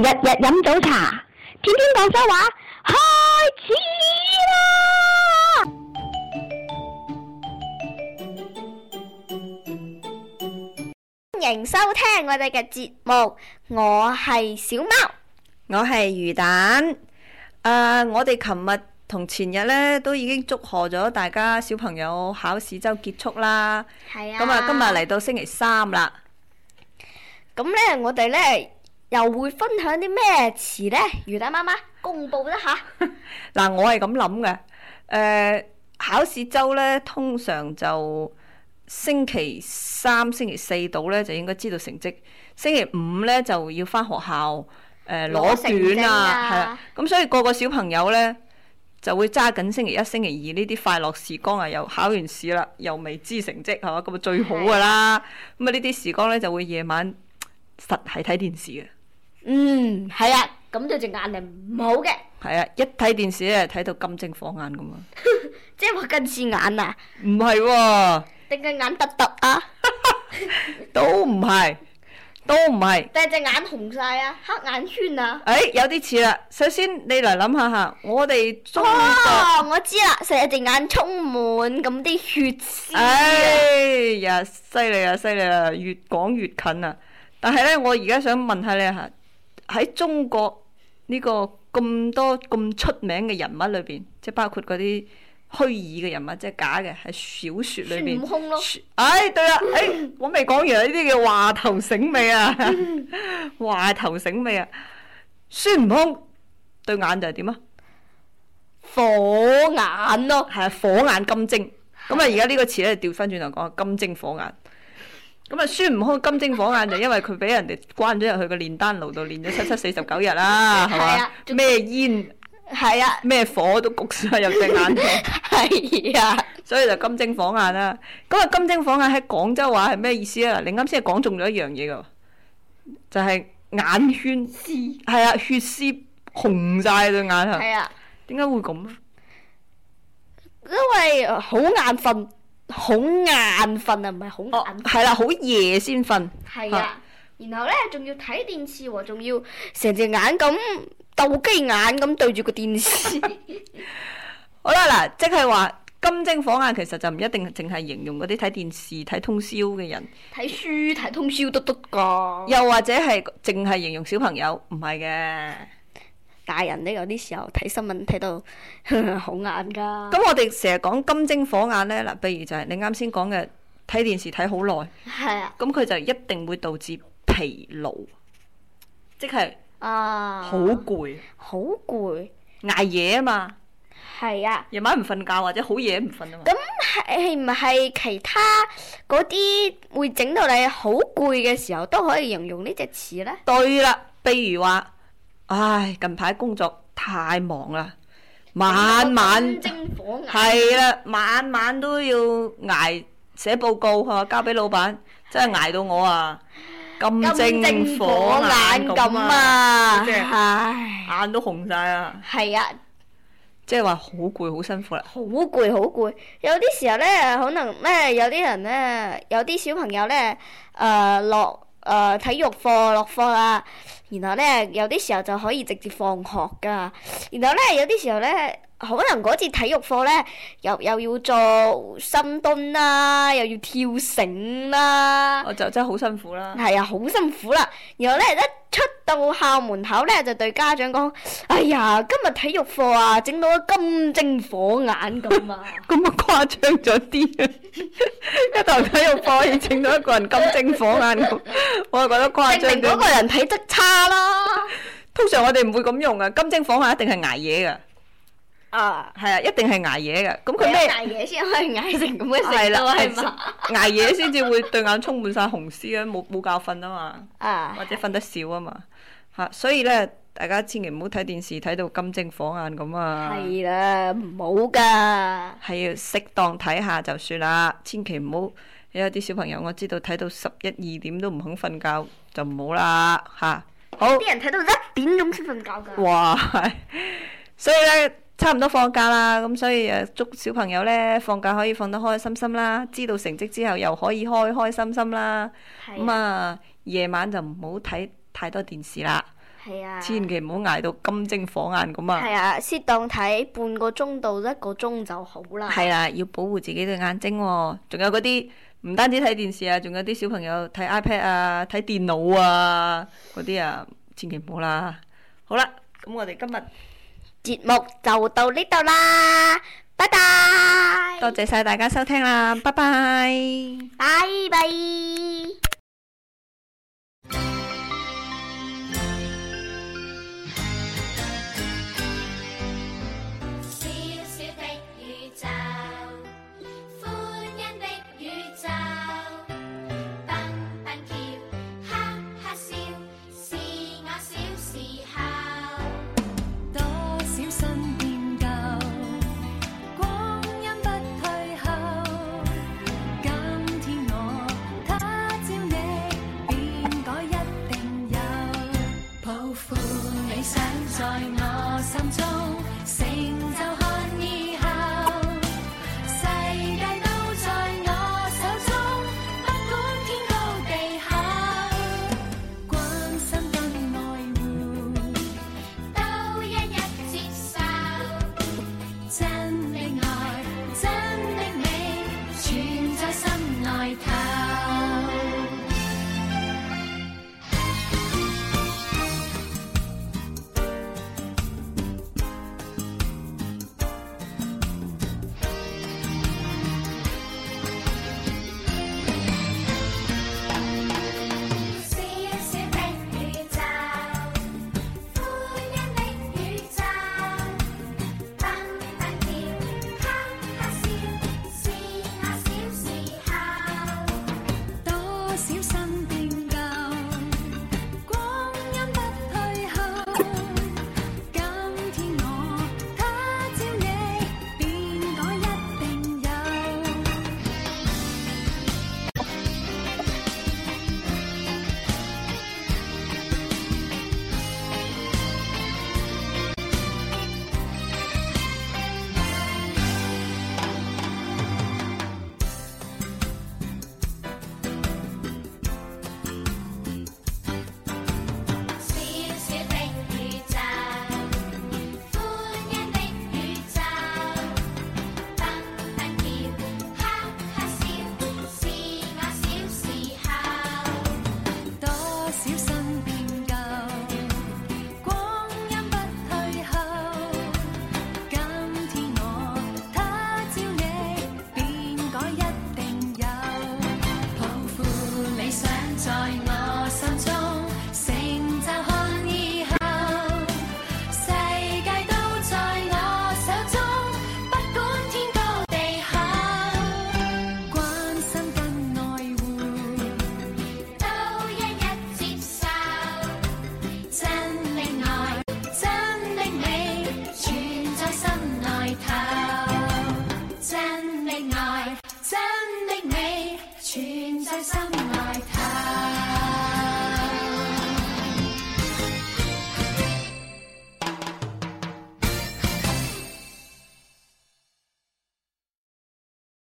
日日飲早茶，天天廣州話，開始啦！歡迎收聽我哋嘅節目，我係小貓，我係魚蛋。誒，我哋琴日同前日呢都已經祝賀咗大家小朋友考試周結束啦。係啊。咁啊，今日嚟到星期三啦。咁呢，我哋呢。又會分享啲咩詞呢？魚蛋媽媽公布一下。嗱， 我係咁諗嘅。誒、呃，考試周呢，通常就星期三、星期四到呢，呢，就應該知道成績。星期五呢，就要翻學校攞、呃、卷啊，係啊，咁所以個個小朋友呢，就會揸緊星期一、星期二呢啲快樂時光啊，又考完試啦，又未知成績係嘛，咁啊最好噶啦。咁啊呢啲時光呢，就會夜晚實係睇電視嘅。嗯，係啊，咁對隻眼係唔好嘅。係啊，一睇電視咧，睇到金 睛火眼咁啊。即係話近視眼啊？唔係喎。定係眼凸凸啊？ 都唔係，都唔係。定係隻眼紅晒啊，黑眼圈啊？誒、哎，有啲似啦。首先，你嚟諗下吓，我哋、哦、我知啦，成隻眼充滿咁啲血絲啊。哎、呀，犀利啊，犀利啊，越講越近啊。但係咧，我而家想問下你吓。喺中國呢個咁多咁出名嘅人物裏邊，即係包括嗰啲虛擬嘅人物，即係假嘅，係小說裏邊。孫悟空咯。哎，對啦，啊，哎，我未講完呢啲叫話頭醒尾啊？ 話頭醒尾啊？孫悟空對眼就係點啊？火眼咯，係啊，火眼金睛。咁啊，而家呢個詞咧調翻轉頭講，說說金睛火眼。咁啊，孫悟空金睛火眼就 因為佢俾人哋關咗入去個煉丹爐度煉咗七七四十九日啦，係嘛 吧？咩煙係 是啊？咩火都焗晒入隻眼度，係 是啊！所以就金睛火眼啦。咁啊，金睛火眼喺廣州話係咩意思啊？你啱先係講中咗一樣嘢噶，就係、是、眼圈，係是啊，啊，血絲紅曬對眼是啊。點解會咁啊？因為好眼瞓。好眼瞓啊，唔係好眼係啦，好夜先瞓。係啊，然後咧仲要睇電視喎，仲要成隻眼咁鬥雞眼咁對住個電視。電視 好啦嗱，即係話金睛火眼其實就唔一定淨係形容嗰啲睇電視睇通宵嘅人，睇書睇通宵都得噶。又或者係淨係形容小朋友，唔係嘅。大人咧，有啲時候睇新聞睇到好眼噶。咁我哋成日講金睛火眼呢，嗱，譬如就係你啱先講嘅睇電視睇好耐，係啊，咁佢就一定會導致疲勞，即係，好攰，好攰，捱夜啊嘛，係啊，夜晚唔瞓覺或者好夜唔瞓啊嘛。咁係唔係其他嗰啲會整到你好攰嘅時候都可以形容呢隻詞呢？對啦，譬如話。唉，近排工作太忙啦，晚晚金睛火眼，係啦，晚晚都要挨寫報告，交俾老闆，真係挨到我啊，金睛火眼咁啊，啊即係唉，眼都紅晒啊！係啊，即係話好攰，好辛苦啦。好攰，好攰。有啲時候呢，可能咩、呃？有啲人呢，有啲小朋友呢，誒、呃，落。誒、呃、體育課落課啦、啊，然後咧有啲時候就可以直接放學噶，然後咧有啲時候咧。可能嗰次體育課呢，又又要做深蹲啦，又要跳繩啦，我就真係好辛苦啦。係啊，好辛苦啦。然後呢，一出到校門口呢，就對家長講：哎呀，今日體育課啊，整到金睛火眼咁啊！咁啊，誇張咗啲啊！ 一堂體育課可以整到一個人金睛火眼咁， 我就覺得誇張咗。係嗰個人體質差啦， 通常我哋唔會咁用啊，金睛火眼一定係捱夜噶。啊，係啊，一定係挨夜嘅。咁佢咩挨夜先可以挨成咁嘅程度係嘛？挨夜先至會對眼充滿晒紅絲啊！冇冇覺瞓啊嘛，或者瞓得少啊嘛，吓，所以咧，大家千祈唔好睇電視睇到金睛火眼咁啊！係啦，唔好噶，係要適當睇下就算啦，千祈唔好。有啲小朋友我知道睇到十一二點都唔肯瞓覺，就唔好啦，吓，好。啲人睇到一點鐘先瞓覺噶。哇，係所以咧。差唔多放假啦，咁所以誒祝小朋友咧放假可以放得開開心心啦，知道成績之後又可以開開心心啦。咁啊，夜晚就唔好睇太多電視啦，係啊，千祈唔好捱到金睛火眼咁啊。係啊，適當睇半個鐘到一個鐘就好啦。係啦，要保護自己對眼睛喎。仲有嗰啲唔單止睇電視啊，仲有啲小朋友睇 iPad 啊、睇電腦啊嗰啲啊，千祈唔好啦。好啦，咁我哋今日。節目就到呢度啦，拜拜！多謝晒大家收聽啦，拜拜。拜拜。全在心內。